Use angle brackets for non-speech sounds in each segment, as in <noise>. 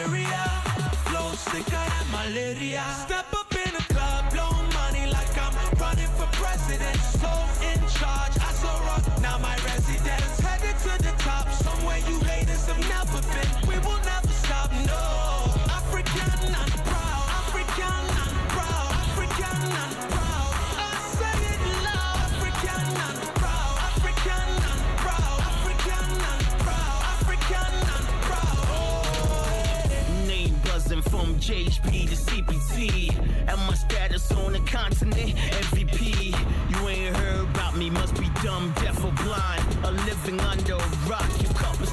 Nigeria. Flow sicker than malaria. Step up in the club, blow money like I'm running for president. So in charge, I so rock, now my residence. Headed to the top, somewhere you haters have never been. MVP. And my status on the continent, MVP. You ain't heard about me, must be dumb, deaf, or blind. a living under a rock, you compass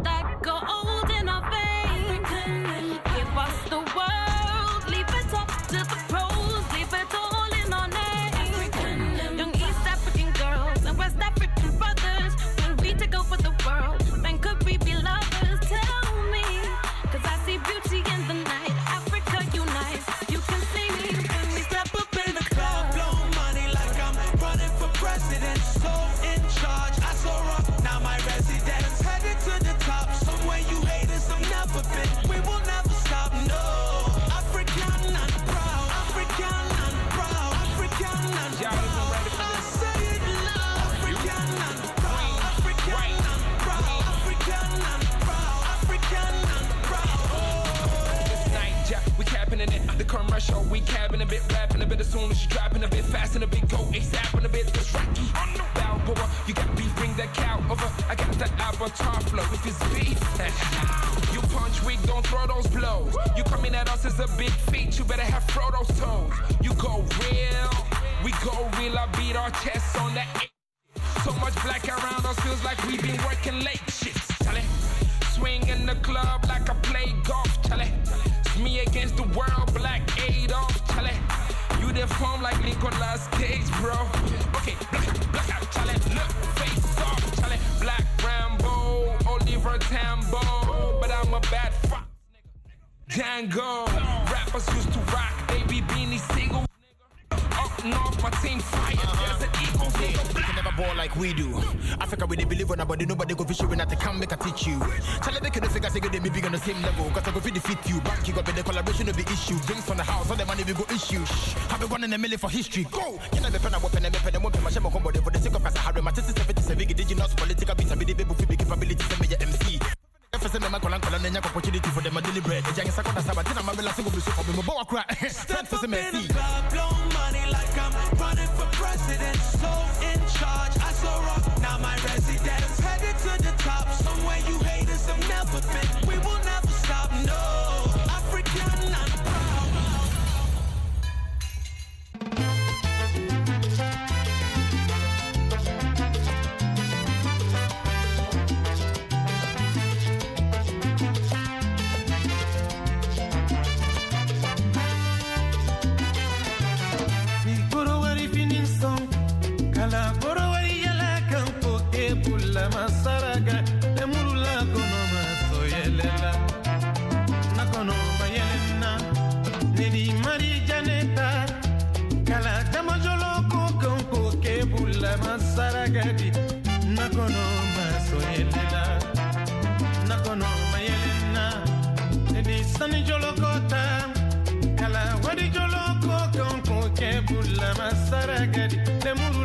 show. We cabbing a bit, rapping a bit as soon as you dropping a bit fast and a bit go ASAP and a bit. That's Rocky on the boy, You got beef, bring that cow over. I got that avatar flow. If it's beef, <laughs> you punch weak, don't throw those blows. You coming at us as a big feat, you better have Frodo's toes. You go real, we go real. I beat our chests on that. So much black around us feels like we've been working late. Shit, Swing in the club like I play golf, tell it. It's me against the world, Black Adolf, Charlie. You deform like Nicolas Cage, bro. Okay, black, black out, Charlie. Look, face off, Charlie. Black Rambo, Oliver Tambo. But I'm a bad fuck, Django. Rappers used to rock, baby beanie single. Up north, my team fire like we do. Africa, we they believe on nobody, nobody go fish when I can make a teach you. Tell them they can figure, say they may be on the same level. Cause I go fit defeat you. Back you up the collaboration of the issue. Drinks on the house, all the money we go issue. Shh. Have been one in a million for history. Go! Can I be pen and weapon and weapon and weapon? My shame on body for the sake of us, I have my 77 big indigenous political beats. I be the baby Big, capability, send me your MC. <laughs> Step up in a club, blow money like I'm running for president. So charge. I so rock me move.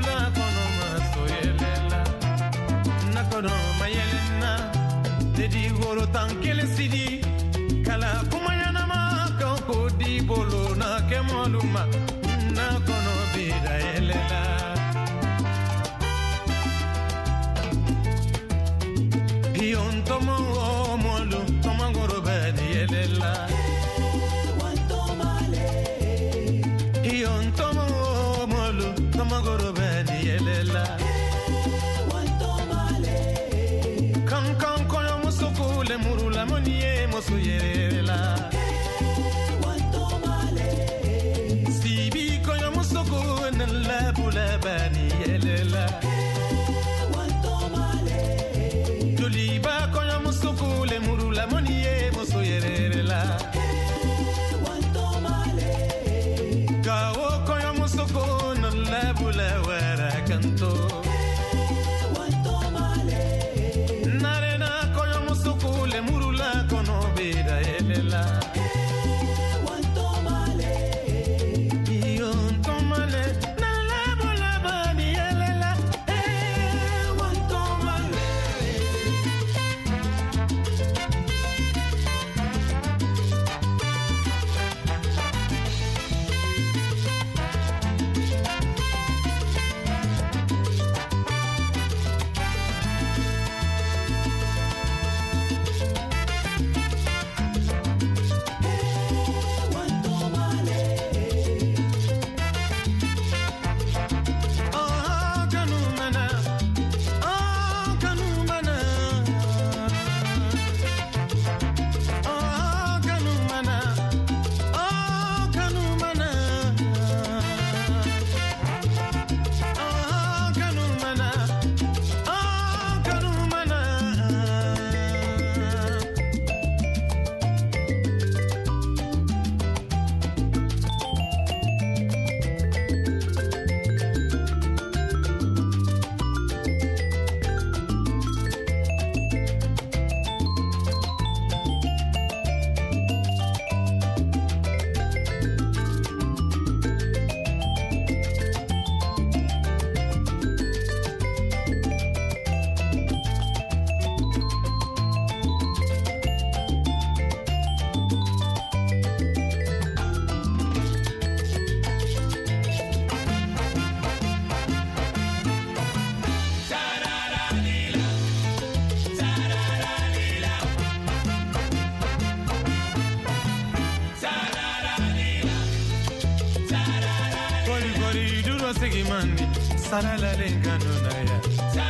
akaralale ngano na ya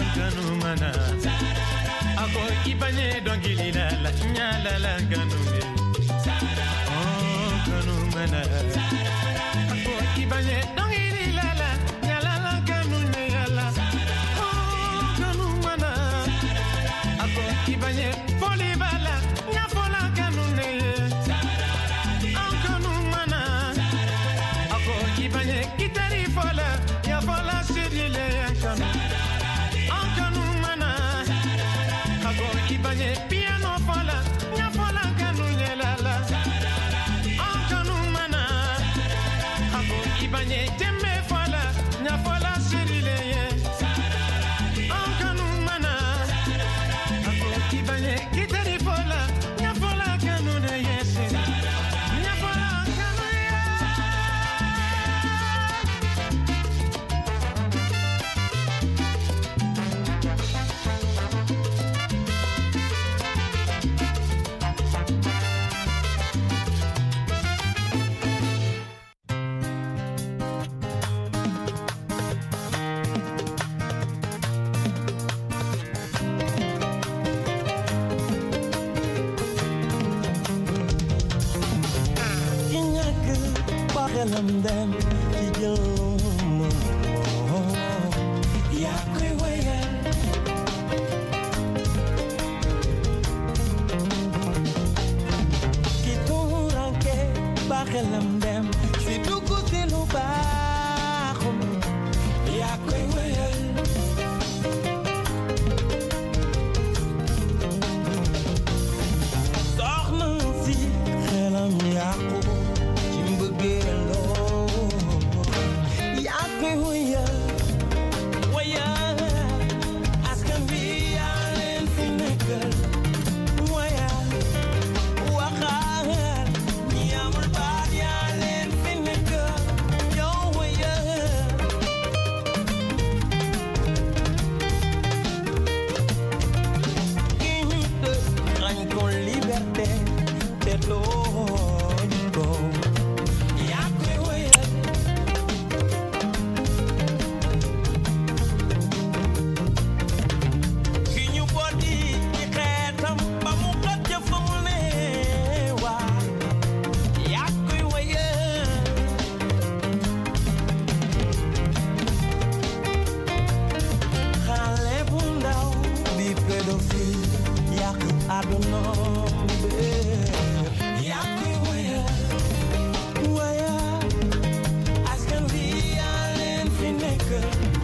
ngano ako dongili la la nyala la ako dongili la good.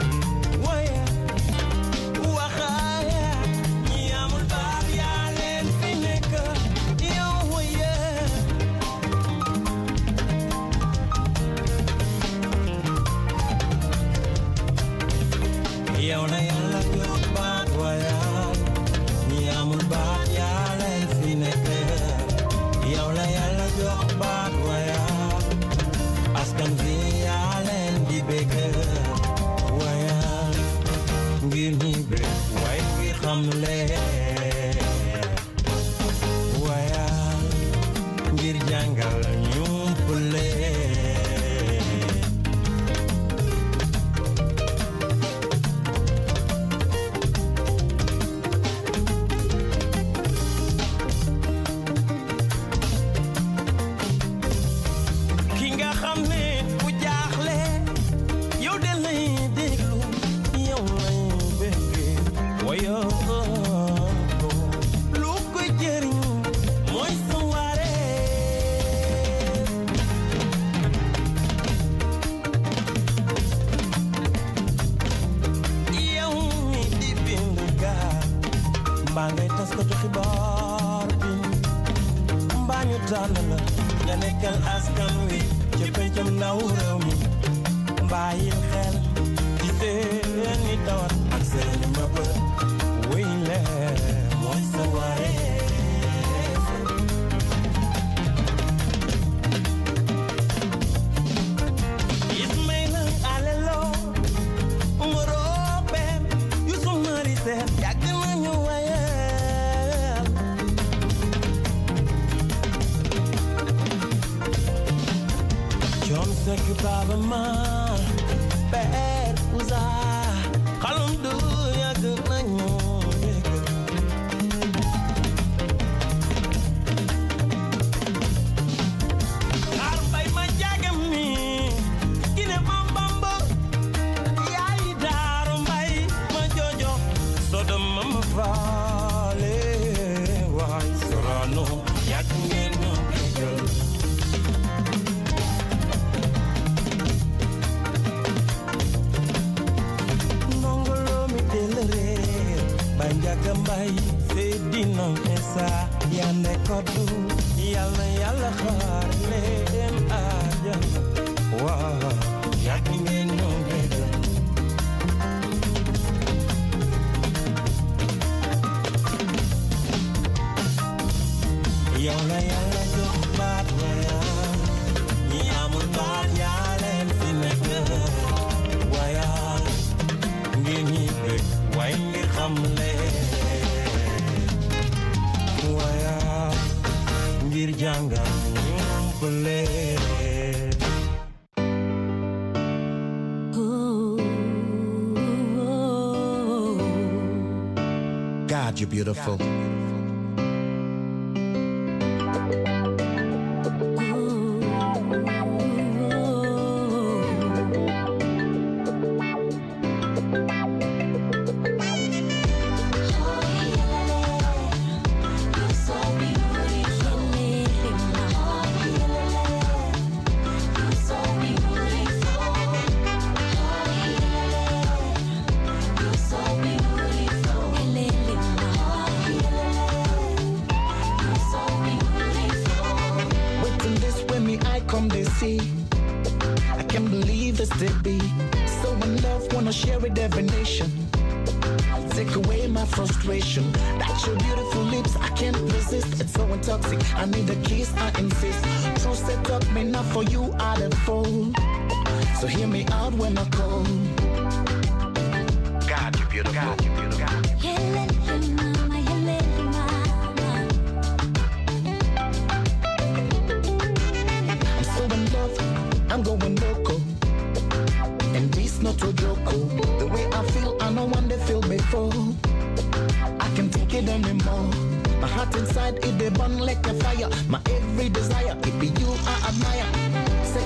nga xam ne mu bayan Goodbye, a bad was I. trouble beautiful. creation. That's your beautiful lips, I can't resist. It's so intoxicating. I need a kiss, I insist. True set up me not for you, I don't fall. So hear me out when I call. God, you beautiful. God, you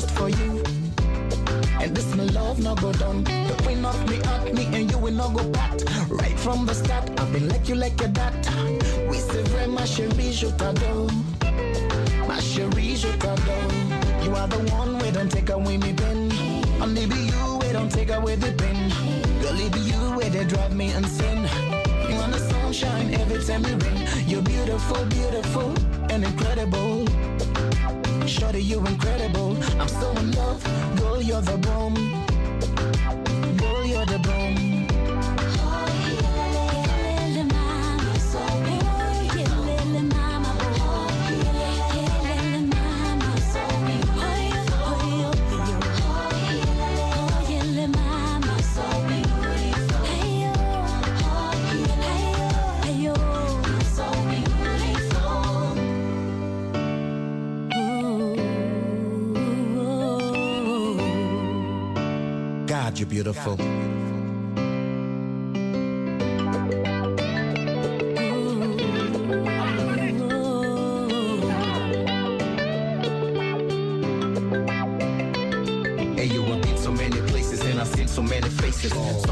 just for you. And this my love no go done. The win of me up, me and you will not go pat. Right from the start, I've been like you like a dat. We say very ma chérie, je t'adore. Ma chérie, je t'adore. You are the one we don't take away me pen. Only be you we don't take away the pen. Girl, it be you where they drive me insane. You want the sunshine every time you rain. You're beautiful, beautiful, and incredible. Shorty, you are incredible. I'm so in love. Girl, you're the bomb. Girl, you're the bomb. you're beautiful. Hey, you have been so many places and I've seen so many faces. So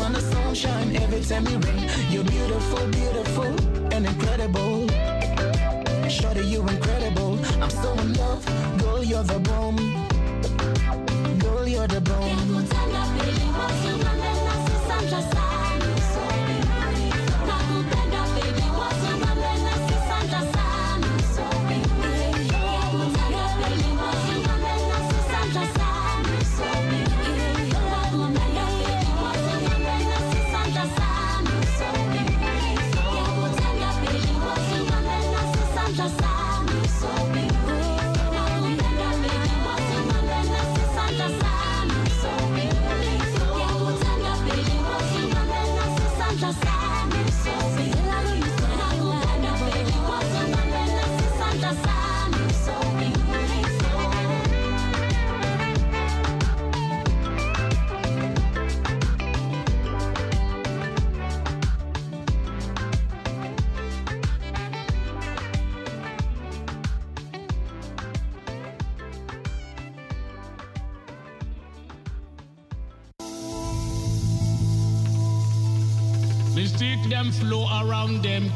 When the sun sunshine every time you rain. You're beautiful, beautiful, and incredible. Shorty, you're incredible. I'm so in love. Girl, you're the bomb. Girl, you're the bomb.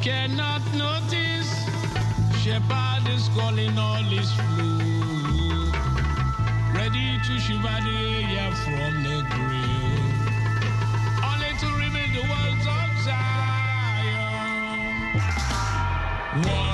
cannot notice. Shepherd is calling all his flock, ready to shiver the air from the grill, Only to remain the words of Zion. One.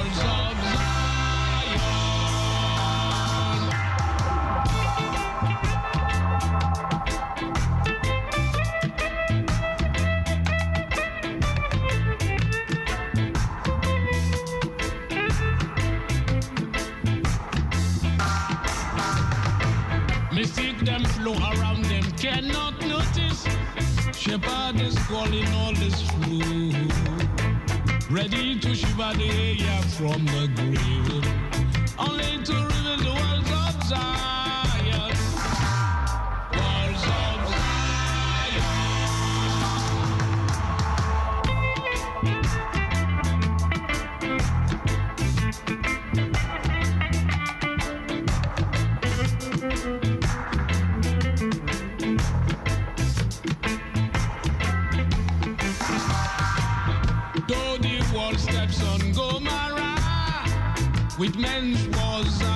Whitman was. Uh,